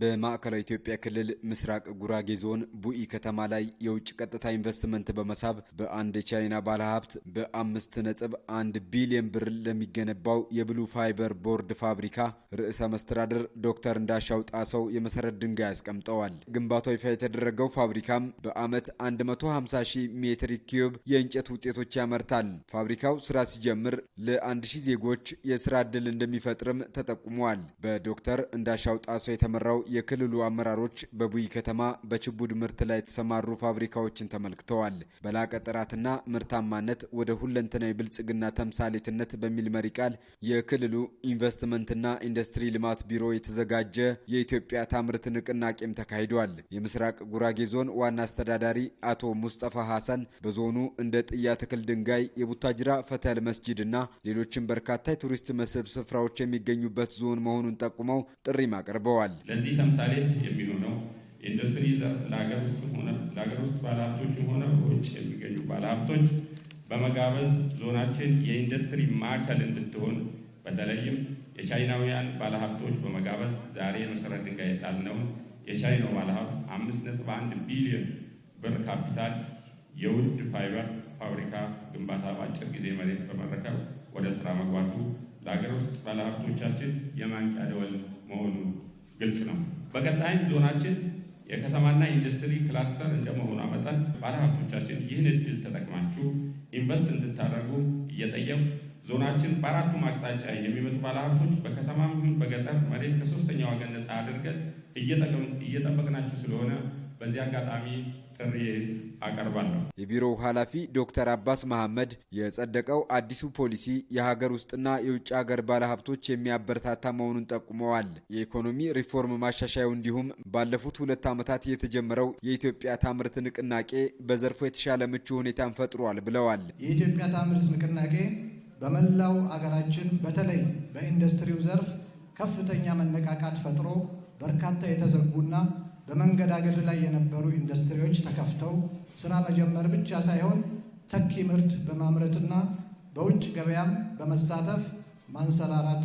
በማዕከላዊ ኢትዮጵያ ክልል ምስራቅ ጉራጌ ዞን ቡኢ ከተማ ላይ የውጭ ቀጥታ ኢንቨስትመንት በመሳብ በአንድ የቻይና ባለሀብት በአምስት ነጥብ አንድ ቢሊዮን ብር ለሚገነባው የብሉ ፋይበር ቦርድ ፋብሪካ ርዕሰ መስተዳደር ዶክተር እንዳሻው ጣሰው የመሰረት ድንጋይ አስቀምጠዋል። ግንባታው ይፋ የተደረገው ፋብሪካም በዓመት 150 ሺህ ኪዩብ የእንጨት ውጤቶች ያመርታል። ፋብሪካው ስራ ሲጀምር ለ1000 ዜጎች የስራ ዕድል እንደሚፈጥርም ተጠቁመዋል። በዶክተር እንዳሻው ጣሰው የተመራው የክልሉ አመራሮች በቡይ ከተማ በችቡድ ምርት ላይ የተሰማሩ ፋብሪካዎችን ተመልክተዋል። በላቀ ጥራትና ምርታማነት ወደ ሁለንተናዊ ብልጽግና ተምሳሌትነት በሚል መሪ ቃል የክልሉ ኢንቨስትመንትና ኢንዱስትሪ ልማት ቢሮ የተዘጋጀ የኢትዮጵያ ታምርት ንቅናቄም ተካሂዷል። የምስራቅ ጉራጌ ዞን ዋና አስተዳዳሪ አቶ ሙስጠፋ ሐሰን በዞኑ እንደ ጥያ ትክል ድንጋይ፣ የቡታጅራ ፈተል መስጂድና ሌሎችም በርካታ የቱሪስት መስህብ ስፍራዎች የሚገኙበት ዞን መሆኑን ጠቁመው ጥሪም አቅርበዋል። ለዚህ ተምሳሌት የሚሆነው የኢንዱስትሪ ዘርፍ ለሀገር ውስጥ ሆነ ለሀገር ውስጥ ባለሀብቶችም ሆነ በውጭ የሚገኙ ባለሀብቶች በመጋበዝ ዞናችን የኢንዱስትሪ ማዕከል እንድትሆን በተለይም የቻይናውያን ባለሀብቶች በመጋበዝ ዛሬ መሰረት ድንጋይ የጣልነውን የቻይናው ባለሀብት አምስት ነጥብ አንድ ቢሊዮን ብር ካፒታል የውድ ፋይበር ፋብሪካ ግንባታ በአጭር ጊዜ መሬት በመረከብ ወደ ስራ መግባቱ ለሀገር ውስጥ ባለሀብቶቻችን የማንቂያ ደወል መሆኑን ግልጽ ነው። በቀጣይም ዞናችን የከተማና ኢንዱስትሪ ክላስተር እንደመሆኗ መጠን ባለሀብቶቻችን ይህን እድል ተጠቅማችሁ ኢንቨስት እንድታደርጉ እየጠየቁ ዞናችን በአራቱም አቅጣጫ የሚመጡ ባለሀብቶች በከተማም ይሁን በገጠር መሬት ከሶስተኛ ወገን ነጻ አድርገን እየጠበቅናችሁ ስለሆነ በዚህ አጋጣሚ ጥሪ አቀርባለሁ። የቢሮው ኃላፊ ዶክተር አባስ መሐመድ የጸደቀው አዲሱ ፖሊሲ የሀገር ውስጥና የውጭ ሀገር ባለሀብቶች የሚያበረታታ መሆኑን ጠቁመዋል። የኢኮኖሚ ሪፎርም ማሻሻያው እንዲሁም ባለፉት ሁለት ዓመታት የተጀመረው የኢትዮጵያ ታምርት ንቅናቄ በዘርፉ የተሻለ ምቹ ሁኔታን ፈጥሯል ብለዋል። የኢትዮጵያ ታምርት ንቅናቄ በመላው አገራችን በተለይ በኢንዱስትሪው ዘርፍ ከፍተኛ መነቃቃት ፈጥሮ በርካታ የተዘጉና በመንገዳገድ ላይ የነበሩ ኢንዱስትሪዎች ተከፍተው ስራ መጀመር ብቻ ሳይሆን ተኪ ምርት በማምረትና በውጭ ገበያም በመሳተፍ ማንሰራራት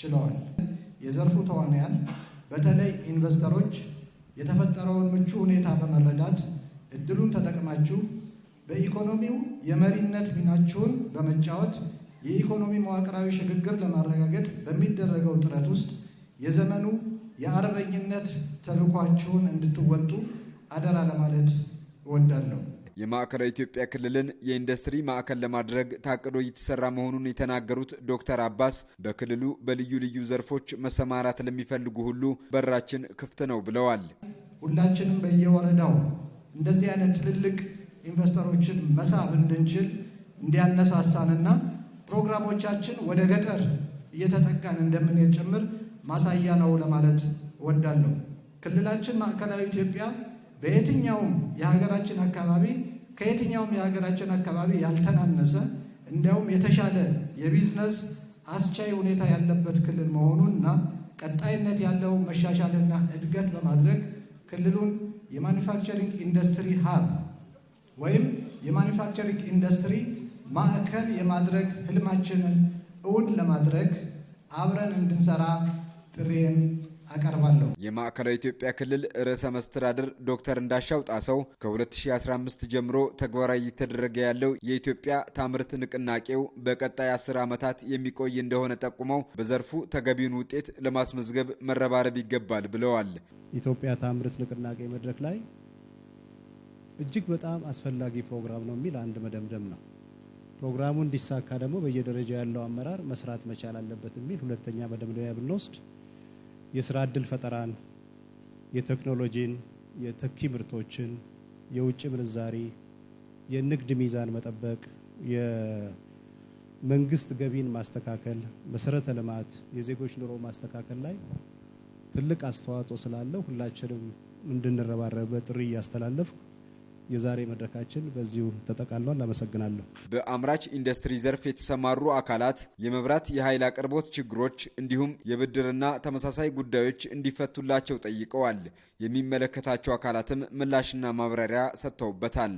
ችለዋል። የዘርፉ ተዋናያን በተለይ ኢንቨስተሮች የተፈጠረውን ምቹ ሁኔታ በመረዳት እድሉን ተጠቅማችሁ በኢኮኖሚው የመሪነት ሚናችሁን በመጫወት የኢኮኖሚ መዋቅራዊ ሽግግር ለማረጋገጥ በሚደረገው ጥረት ውስጥ የዘመኑ የአርበኝነት ተልኳችሁን እንድትወጡ አደራ ለማለት እወዳለሁ። የማዕከላዊ ኢትዮጵያ ክልልን የኢንዱስትሪ ማዕከል ለማድረግ ታቅዶ እየተሰራ መሆኑን የተናገሩት ዶክተር አባስ በክልሉ በልዩ ልዩ ዘርፎች መሰማራት ለሚፈልጉ ሁሉ በራችን ክፍት ነው ብለዋል። ሁላችንም በየወረዳው እንደዚህ አይነት ትልልቅ ኢንቨስተሮችን መሳብ እንድንችል እንዲያነሳሳንና ፕሮግራሞቻችን ወደ ገጠር እየተጠጋን እንደምንሄድ ጭምር ማሳያ ነው ለማለት እወዳለሁ። ክልላችን ማዕከላዊ ኢትዮጵያ በየትኛውም የሀገራችን አካባቢ ከየትኛውም የሀገራችን አካባቢ ያልተናነሰ እንዲያውም የተሻለ የቢዝነስ አስቻይ ሁኔታ ያለበት ክልል መሆኑንና ቀጣይነት ያለው መሻሻልና እድገት በማድረግ ክልሉን የማኒፋክቸሪንግ ኢንዱስትሪ ሀብ ወይም የማኒፋክቸሪንግ ኢንዱስትሪ ማዕከል የማድረግ ህልማችንን እውን ለማድረግ አብረን እንድንሰራ ጥሬን አቀርባለሁ። የማዕከላዊ ኢትዮጵያ ክልል ርዕሰ መስተዳድር ዶክተር እንዳሻው ጣሰው ከ2015 ጀምሮ ተግባራዊ እየተደረገ ያለው የኢትዮጵያ ታምርት ንቅናቄው በቀጣይ አስር ዓመታት የሚቆይ እንደሆነ ጠቁመው በዘርፉ ተገቢውን ውጤት ለማስመዝገብ መረባረብ ይገባል ብለዋል። ኢትዮጵያ ታምርት ንቅናቄ መድረክ ላይ እጅግ በጣም አስፈላጊ ፕሮግራም ነው የሚል አንድ መደምደም ነው። ፕሮግራሙ እንዲሳካ ደግሞ በየደረጃ ያለው አመራር መስራት መቻል አለበት የሚል ሁለተኛ መደምደሚያ ብንወስድ የስራ ዕድል ፈጠራን፣ የቴክኖሎጂን፣ የተኪ ምርቶችን፣ የውጭ ምንዛሪ፣ የንግድ ሚዛን መጠበቅ፣ የመንግስት ገቢን ማስተካከል፣ መሰረተ ልማት፣ የዜጎች ኑሮ ማስተካከል ላይ ትልቅ አስተዋጽኦ ስላለው ሁላችንም እንድንረባረበ ጥሪ እያስተላለፍኩ የዛሬ መድረካችን በዚሁ ተጠቃልሏል። አመሰግናለሁ። በአምራች ኢንዱስትሪ ዘርፍ የተሰማሩ አካላት የመብራት የኃይል አቅርቦት ችግሮች እንዲሁም የብድርና ተመሳሳይ ጉዳዮች እንዲፈቱላቸው ጠይቀዋል። የሚመለከታቸው አካላትም ምላሽና ማብራሪያ ሰጥተውበታል።